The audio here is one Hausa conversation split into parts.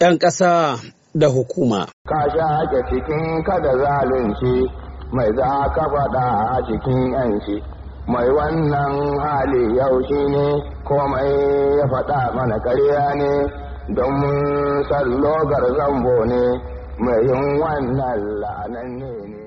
'yan ƙasa da hukuma. Ka sha shaƙe cikin kada zalunci mai za ka faɗa a cikin 'yanci mai wannan hali yaushi ne komai ya faɗa mana karya ne don mun logar zambo ne.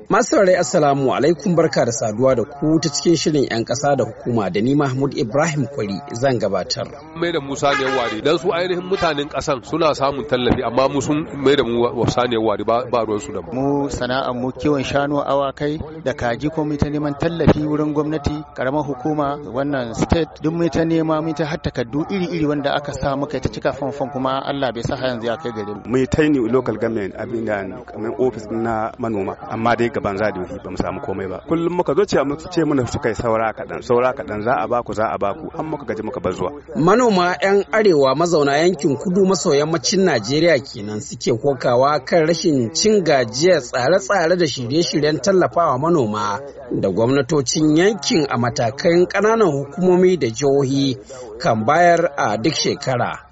Masu rarrai Assalamu alaikum barka da saduwa da ku ta cikin shirin 'yan ƙasa da hukuma da ni Mahmud Ibrahim Kwari zan gabatar. Mai da Musa ne wari dan su ainihin mutanen ƙasan suna samun tallafi amma mu sun mai da mu wasa ne wari ba ruwan su da mu. Mu sana'ar mu kiwon shanu awakai da kaji ko mu ta neman tallafi wurin gwamnati karamar hukuma wannan state duk mu ta nema mu ta har takardu iri-iri wanda aka sa muka ta cika fanfan kuma Allah bai sa yanzu ya kai gare mu. Mu ta ni local government abin amfani kamar ofis na manoma amma dai gaban za da ba mu samu komai ba kullum muka zo cewa muka ce muna suka yi saura kaɗan saura kaɗan za a baku za a baku an muka gaji muka bar zuwa manoma yan arewa mazauna yankin kudu maso yammacin najeriya kenan suke kokawa kan rashin cin gajiya tsare-tsare da shirye-shiryen tallafawa manoma da gwamnatocin yankin a matakan ƙananan hukumomi da jihohi kan bayar a duk shekara.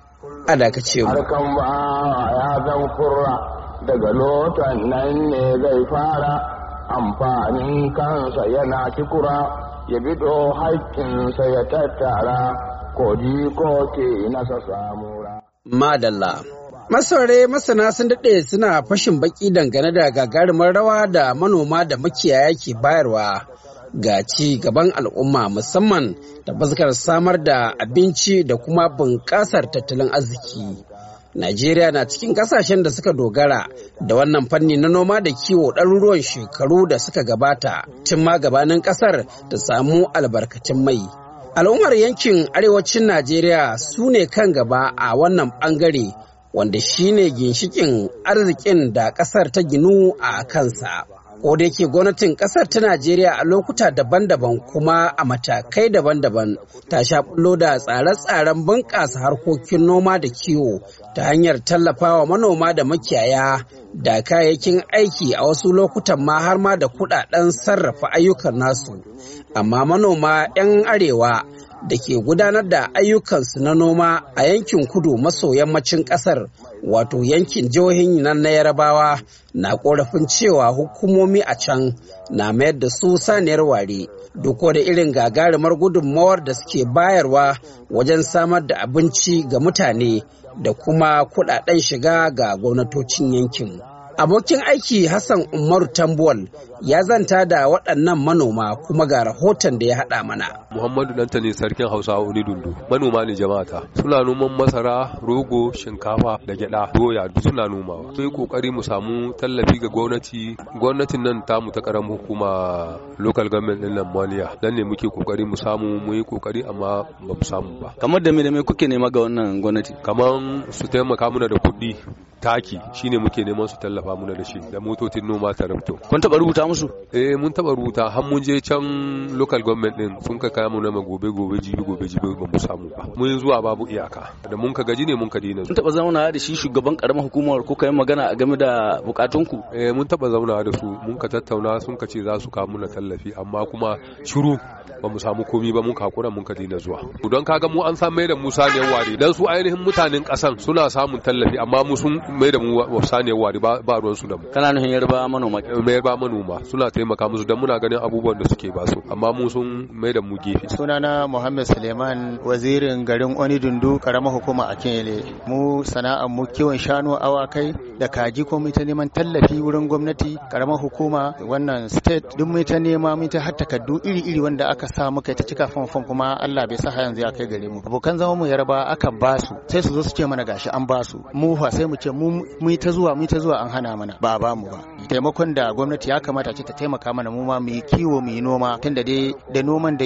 Adaka ce mu. Ah, ya zan kurra daga lotan nan ne zai fara amfanin kansa yana kikura ya bido haƙƙinsa ya tattara koji ko ke nasa samura. Madalla. Masaure masana sun daɗe suna fashin baƙi dangane da gagarumar rawa da manoma da makiyaya ke bayarwa ga ci gaban al'umma musamman da bazkar samar da abinci da kuma bunƙasar tattalin arziki. Najeriya na cikin kasashen da suka dogara da wannan fanni na noma da kiwo ɗaruruwan shekaru da suka gabata, tun ma gabanin ƙasar da samu albarkacin mai. Al'ummar yankin arewacin Najeriya su ne kan gaba a wannan ɓangare wanda shine ginshikin arzikin da ƙasar ta ginu a kansa. Ko da yake gwamnatin ƙasar ta Najeriya a lokuta daban-daban kuma a matakai daban-daban ta sha bullo da tsare-tsaren bunƙasa harkokin noma da kiwo ta hanyar tallafawa manoma da makiyaya da kayayyakin aiki a wasu lokutan ma har ma da kudaden sarrafa ayyukan nasu amma manoma 'yan arewa da ke gudanar da ayyukansu na noma a yankin kudu maso yammacin kasar wato yankin jihohin nan na yarabawa na korafin cewa hukumomi a can na mayar da su saniyar ware duk da irin gagarumar gudunmawar da suke bayarwa wajen samar da abinci ga mutane da kuma kudaden shiga ga gwamnatocin yankin Abokin aiki Hassan Umaru Tambuwal ya zanta da waɗannan manoma kuma ga rahoton da ya haɗa mana. Muhammadu Danta ne sarkin Hausa wani dundu. Manoma ne jama'ata. Suna noman masara, rogo, shinkafa da gyaɗa, doya duk suna nomawa. Sun yi kokari mu samu tallafi ga gwamnati. Gwamnatin nan ta mu ta karamin hukuma local government din nan Maliya. Dan ne muke kokari mu samu mu yi kokari amma ba mu samu ba. Kamar da me da me kuke nema ga wannan gwamnati? Kamar su taimaka mana da kuɗi taki shine muke neman su tallafa. tallafa muna da shi da motocin noma tarakto kun taba rubuta musu eh mun taba rubuta har mun je can local government din sun ka kaya mu na gobe gobe jibi gobe jibi ba mu samu ba mun zuwa babu iyaka da mun ka gaji ne mun ka dina mun taba zauna da shi shugaban karamar hukumar ko kai magana a game da bukatunku eh mun taba zauna da su mun ka tattauna sun ka ce za su kawo muna tallafi amma kuma shiru ba mu samu komi ba mun kakura mun ka dina zuwa don kaga mu an san mai da musa ne wari dan su ainihin mutanen kasan suna samun tallafi amma mu sun mai da mu saniyar wari ba ba su da mu kana nufin yarba manoma yarba manoma suna taimaka musu dan muna ganin abubuwan da suke ba su amma mu sun mai da mu gefe sunana Muhammad Suleiman wazirin garin Oni Dundu karamar hukuma a Kenyele mu sana'ar mu kiwon shanu awakai da kaji ko mu ta neman tallafi wurin gwamnati karamar hukuma wannan state duk mu ta nema mu ta har takardu iri-iri wanda aka sa muka ta cika fanfan kuma Allah bai sa yanzu ya kai gare mu abokan zama mu yarba akan basu sai su zo su ce mana gashi an basu mu fa sai mu ce mu ta zuwa mu ta zuwa an hana mana ba ba mu ba taimakon da gwamnati ya kamata ce ta taimaka mana mu ma mu yi kiwo mu yi noma da dai da noman da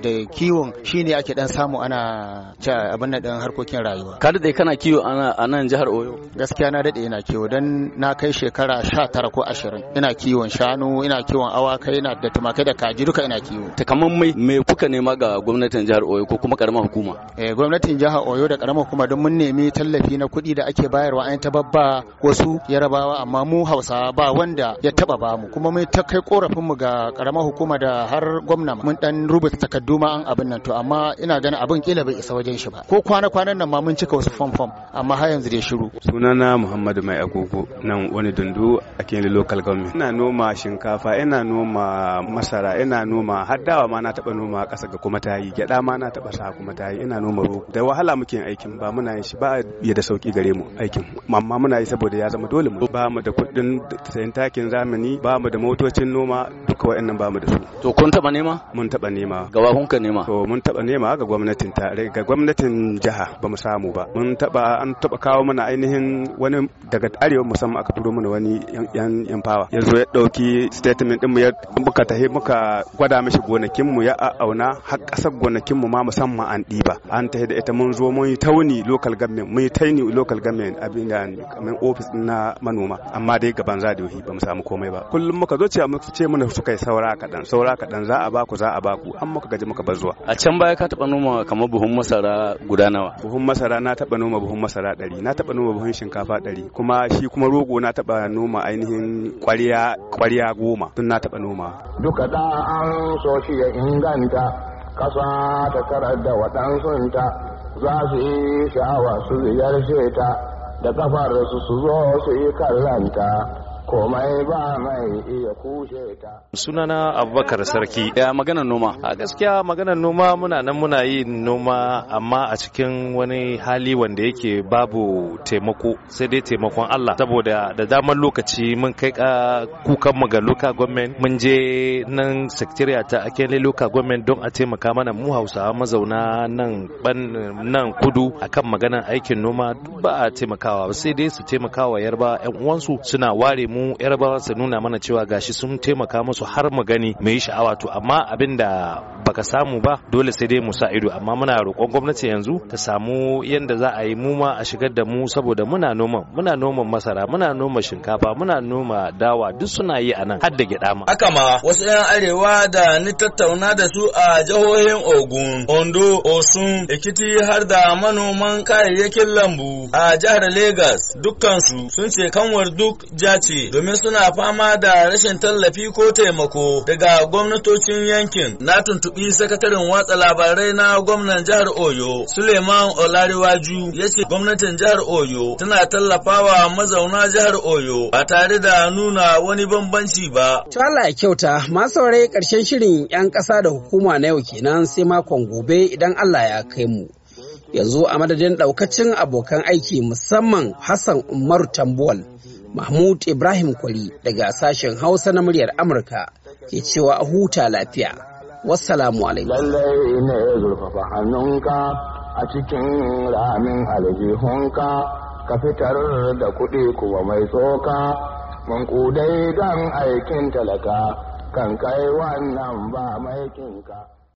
da kiwon shine ake dan samu ana ta abin nan dan harkokin rayuwa ka dade kana kiwo a nan jihar Oyo gaskiya na dade ina kiwo dan na kai shekara 19 ko 20 ina kiwon shanu ina kiwon awakai ina da tumakai da kaji duka ina kiwo mai me kuka nema ga gwamnatin jihar Oyo ko kuma karamar hukuma eh gwamnatin jihar Oyo da karamar hukuma don mun nemi tallafi na kuɗi da ake bayarwa an ta babba wasu yarabawa amma mu Hausawa ba wanda ya taba ba mu kuma mun ta kai korafin mu ga karamar hukuma da har gwamna mun dan rubuta takardu ma an abin nan to amma ina ganin abin kila bai isa wajen shi ba ko kwana kwanan nan ma mun cika wasu fom fom amma har yanzu dai shiru sunana Muhammadu Mai Agogo nan wani dundu a Kenya local government ina noma shinkafa ina noma masara ina noma har dawa ma na taba noma kasa ga kuma tayi gyada ma na taba sa kuma tayi ina noma rogo da wahala muke aikin ba muna yin shi ba ya da sauki gare mu aikin amma muna yi saboda ya zama dole mu ba mu da kuɗin sayan takin zamani ba mu da motocin noma duka waɗannan ba mu da su to kun taba nema mun taba nema gaba kun ka nema to mun taba nema ga gwamnatin tare ga gwamnatin jiha ba mu samu ba mun taba an taba kawo mana ainihin wani daga arewa musamman aka turo mana wani yan yan fawa yanzu ya dauki statement din mu ya muka tahi muka gwada mishi gonakin mu ya auna har kasar gonakin mu ma musamman an diba an tahi da ita mun zo mun yi tauni local government mun yi tauni local government abin da office na manoma amma dai gaban Za da yohi ba mu samu komai ba kullum muka zo cewa muka ce mana su kai saura kaɗan saura kaɗan za a baku za a baku an muka gaji muka bar zuwa a can baya ka taɓa noma kamar buhun masara guda nawa buhun masara na taɓa noma buhun masara ɗari na taɓa noma buhun shinkafa ɗari kuma shi kuma rogo na taɓa noma ainihin ƙwariya ƙwariya goma tun na taɓa noma duka da an so shi ya inganta kasa ta karar da waɗansunta za su yi sha'awa su ziyarce ta da kafar su su zo su yi kallanta komai Sunana Abubakar Sarki. Ya magana noma. A gaskiya magana noma muna nan muna yi noma amma a cikin wani hali wanda yake babu taimako sai dai taimakon Allah saboda da damar lokaci mun kai kukan mu ga local government mun je nan secretariat ta akele local government don a taimaka mana mu Hausawa mazauna nan ban nan kudu akan maganar aikin noma ba a taimakawa sai dai su taimakawa yarba yan uwansu suna ware mu mu yarbawa su nuna mana cewa gashi sun taimaka musu har mu gani me yi sha'awa to amma abin da baka samu ba dole sai dai mu sa ido amma muna roƙon gwamnati yanzu ta samu yanda za a yi mu ma a shigar da mu saboda muna noman muna noman masara muna noma shinkafa muna noma dawa duk suna yi anan. har da gida ma haka ma wasu yan arewa da ni tattauna da su a jihohin Ogun Ondo Osun Ekiti har da manoman kayayyakin lambu a jihar Lagos dukkan su sun ce kanwar duk jace domin suna fama da rashin tallafi ko taimako daga gwamnatocin yankin. Na tuntuɓi sakataren watsa labarai na gwamnan jihar Oyo, Suleiman Olariwaju ya ce gwamnatin jihar Oyo tana tallafawa mazauna jihar Oyo ba tare da nuna wani bambanci ba. Tala kyauta, saurayi ƙarshen shirin 'yan ƙasa da hukuma na yau kenan sai makon gobe idan Allah ya kai mu. Yanzu a madadin ɗaukacin abokan aiki musamman Hassan Umaru Tambuwal. Mahmud Ibrahim Kwari daga sashen Hausa na muryar Amurka ke cewa a huta lafiya. Wassalamu alaikum. Lallai ne zurfafa hannunka a cikin ramin aljihunka ka fitar da kuɗi kuma mai tsoka mankudai don aikin talaka kan kai wannan ba maikinka.